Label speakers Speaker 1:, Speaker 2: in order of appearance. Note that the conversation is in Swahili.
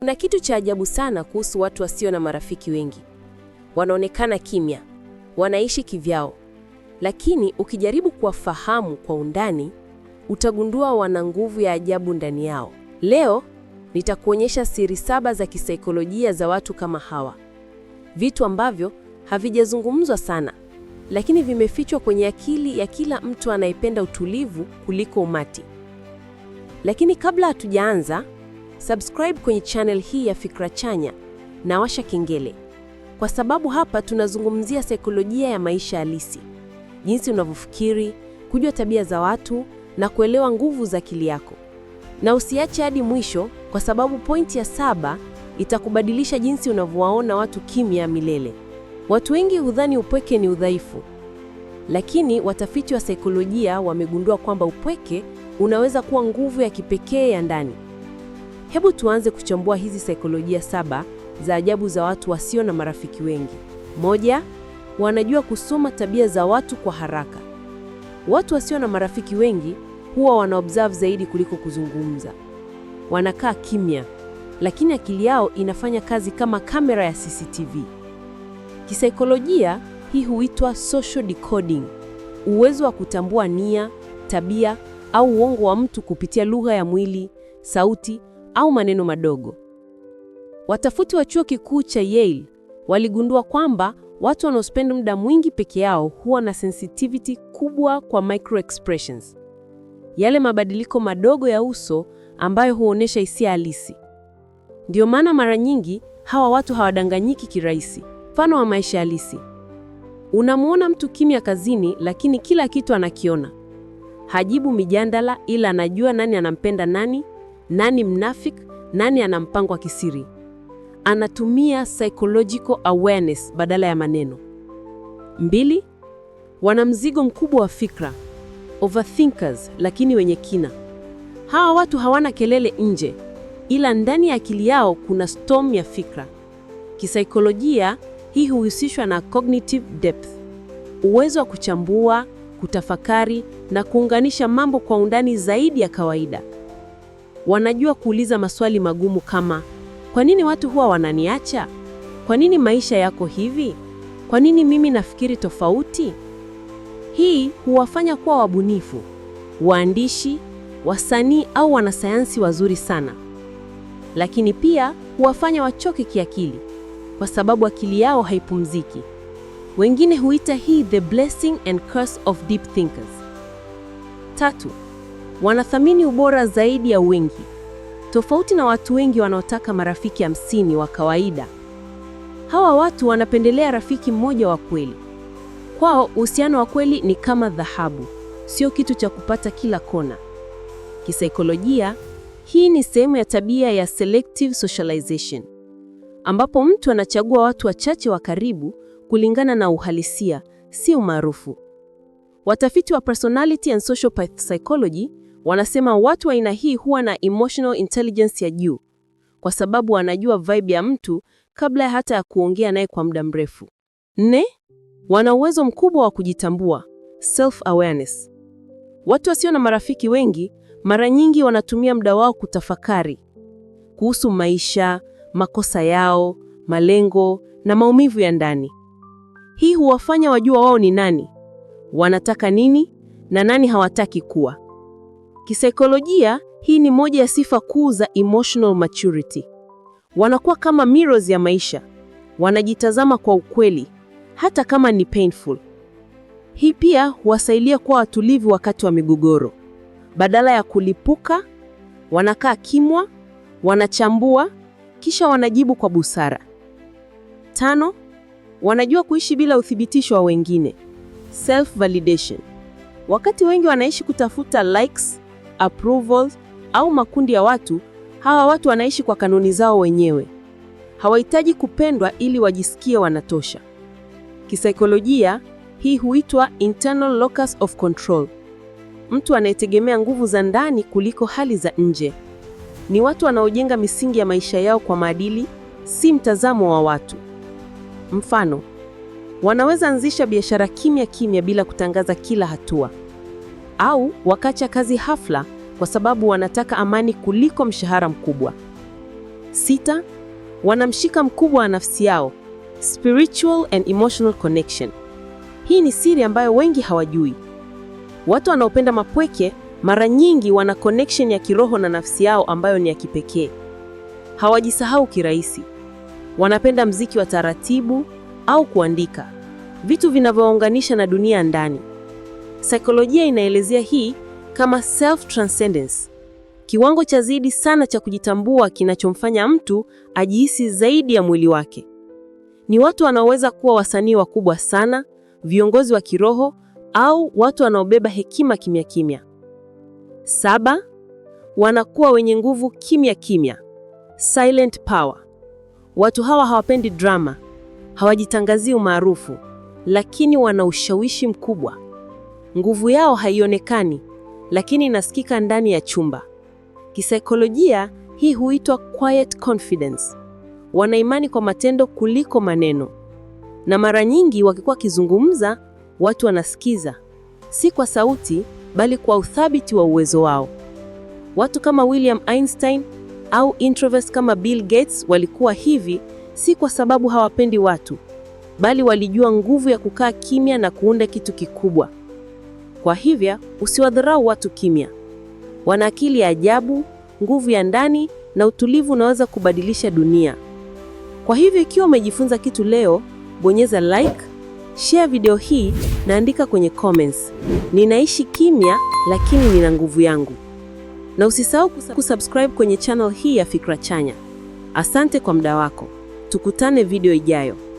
Speaker 1: Kuna kitu cha ajabu sana kuhusu watu wasio na marafiki wengi. Wanaonekana kimya, wanaishi kivyao, lakini ukijaribu kuwafahamu kwa undani, utagundua wana nguvu ya ajabu ndani yao. Leo nitakuonyesha siri saba za kisaikolojia za watu kama hawa, vitu ambavyo havijazungumzwa sana, lakini vimefichwa kwenye akili ya kila mtu anayependa utulivu kuliko umati. Lakini kabla hatujaanza subscribe kwenye channel hii ya Fikra Chanya na washa kengele, kwa sababu hapa tunazungumzia saikolojia ya maisha halisi, jinsi unavyofikiri, kujua tabia za watu na kuelewa nguvu za akili yako. Na usiache hadi mwisho, kwa sababu pointi ya saba itakubadilisha jinsi unavyowaona watu kimya milele. Watu wengi hudhani upweke ni udhaifu, lakini watafiti wa saikolojia wamegundua kwamba upweke unaweza kuwa nguvu ya kipekee ya ndani. Hebu tuanze kuchambua hizi saikolojia saba za ajabu za watu wasio na marafiki wengi. Moja, wanajua kusoma tabia za watu kwa haraka. Watu wasio na marafiki wengi huwa wanaobserve zaidi kuliko kuzungumza. Wanakaa kimya, lakini akili yao inafanya kazi kama kamera ya CCTV. Kisaikolojia, hii huitwa social decoding, uwezo wa kutambua nia, tabia au uongo wa mtu kupitia lugha ya mwili, sauti au maneno madogo. Watafuti wa chuo kikuu cha Yale waligundua kwamba watu wanaospend muda mwingi peke yao huwa na sensitivity kubwa kwa microexpressions, yale mabadiliko madogo ya uso ambayo huonesha hisia halisi. Ndiyo maana mara nyingi hawa watu hawadanganyiki kirahisi. Mfano wa maisha halisi: unamwona mtu kimya kazini, lakini kila kitu anakiona. Hajibu mijadala, ila anajua nani anampenda nani, nani mnafiki, nani ana mpango wa kisiri. Anatumia psychological awareness badala ya maneno. Mbili, wana mzigo mkubwa wa fikra, overthinkers lakini wenye kina. Hawa watu hawana kelele nje, ila ndani ya akili yao kuna storm ya fikra. Kisaikolojia, hii huhusishwa na cognitive depth, uwezo wa kuchambua, kutafakari na kuunganisha mambo kwa undani zaidi ya kawaida. Wanajua kuuliza maswali magumu kama kwa nini watu huwa wananiacha? Kwa nini maisha yako hivi? Kwa nini mimi nafikiri tofauti? Hii huwafanya kuwa wabunifu, waandishi, wasanii au wanasayansi wazuri sana. Lakini pia huwafanya wachoke kiakili kwa sababu akili yao haipumziki. Wengine huita hii the blessing and curse of deep thinkers. Tatu, wanathamini ubora zaidi ya wingi, tofauti na watu wengi wanaotaka marafiki hamsini wa kawaida. Hawa watu wanapendelea rafiki mmoja wa kweli. Kwao uhusiano wa kweli ni kama dhahabu, sio kitu cha kupata kila kona. Kisaikolojia, hii ni sehemu ya tabia ya selective socialization, ambapo mtu anachagua watu wachache wa karibu kulingana na uhalisia, si umaarufu. Watafiti wa personality and social psychology Wanasema watu wa aina hii huwa na emotional intelligence ya juu, kwa sababu wanajua vibe ya mtu kabla hata ya kuongea naye kwa muda mrefu. Nne, wana uwezo mkubwa wa kujitambua, self awareness. Watu wasio na marafiki wengi mara nyingi wanatumia muda wao kutafakari kuhusu maisha, makosa yao, malengo na maumivu ya ndani. Hii huwafanya wajua wao ni nani, wanataka nini na nani hawataki kuwa. Kisaikolojia, hii ni moja ya sifa kuu za emotional maturity. Wanakuwa kama mirrors ya maisha, wanajitazama kwa ukweli, hata kama ni painful. Hii pia huwasaidia kuwa watulivu wakati wa migogoro. Badala ya kulipuka, wanakaa kimwa, wanachambua, kisha wanajibu kwa busara. Tano, wanajua kuishi bila uthibitisho wa wengine, self validation. Wakati wengi wanaishi kutafuta likes, approvals au makundi ya watu. Hawa watu wanaishi kwa kanuni zao wenyewe, hawahitaji kupendwa ili wajisikie wanatosha. Kisaikolojia, hii huitwa internal locus of control. Mtu anayetegemea nguvu za ndani kuliko hali za nje. Ni watu wanaojenga misingi ya maisha yao kwa maadili, si mtazamo wa watu. Mfano, wanaweza anzisha biashara kimya kimya bila kutangaza kila hatua au wakacha kazi hafla kwa sababu wanataka amani kuliko mshahara mkubwa. Sita, wanamshika mkubwa wa nafsi yao, spiritual and emotional connection. Hii ni siri ambayo wengi hawajui. Watu wanaopenda mapweke mara nyingi wana connection ya kiroho na nafsi yao ambayo ni ya kipekee. Hawajisahau kirahisi. Wanapenda mziki wa taratibu au kuandika, vitu vinavyounganisha na dunia ndani. Saikolojia inaelezea hii kama self transcendence, kiwango cha zidi sana cha kujitambua kinachomfanya mtu ajihisi zaidi ya mwili wake. Ni watu wanaoweza kuwa wasanii wakubwa sana, viongozi wa kiroho au watu wanaobeba hekima kimya kimya. Saba, wanakuwa wenye nguvu kimya kimya, silent power. Watu hawa hawapendi drama, hawajitangazii umaarufu, lakini wana ushawishi mkubwa. Nguvu yao haionekani, lakini inasikika ndani ya chumba. Kisaikolojia, hii huitwa quiet confidence. Wanaimani kwa matendo kuliko maneno, na mara nyingi wakikuwa wakizungumza, watu wanasikiza, si kwa sauti, bali kwa uthabiti wa uwezo wao. Watu kama William Einstein au introverts kama Bill Gates walikuwa hivi, si kwa sababu hawapendi watu, bali walijua nguvu ya kukaa kimya na kuunda kitu kikubwa. Kwa hivyo usiwadharau watu kimya. Wana akili ya ajabu, nguvu ya ndani na utulivu unaweza kubadilisha dunia. Kwa hivyo ikiwa umejifunza kitu leo, bonyeza like, share video hii na andika kwenye comments, ninaishi kimya lakini nina nguvu yangu. Na usisahau kusubscribe kwenye channel hii ya Fikra Chanya. Asante kwa muda wako, tukutane video ijayo.